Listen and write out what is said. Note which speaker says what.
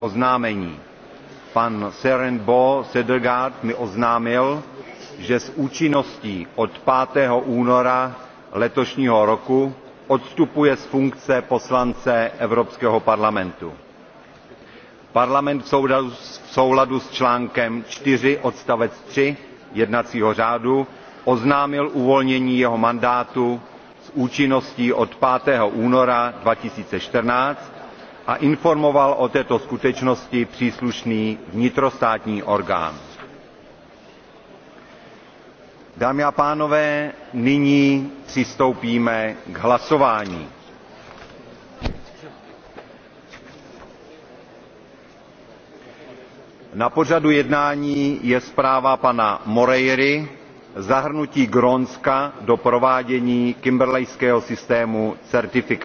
Speaker 1: oznámení pan seren bo mi oznámil že s účinností od. five února letošního roku odstupuje z funkce poslance evropského parlamentu. parlament v souladu s článkem four odstavec three jednacího řádu oznámil uvolnění jeho mandátu s účinností od. five února two thousand and fourteen a informoval o této skutečnosti příslušný vnitrostátní orgán. dámy a pánové nyní přistoupíme k hlasování. na pořadu jednání je zpráva pana moreiry
Speaker 2: zahrnutí grónska do provádění kimberleyského systému certifikace.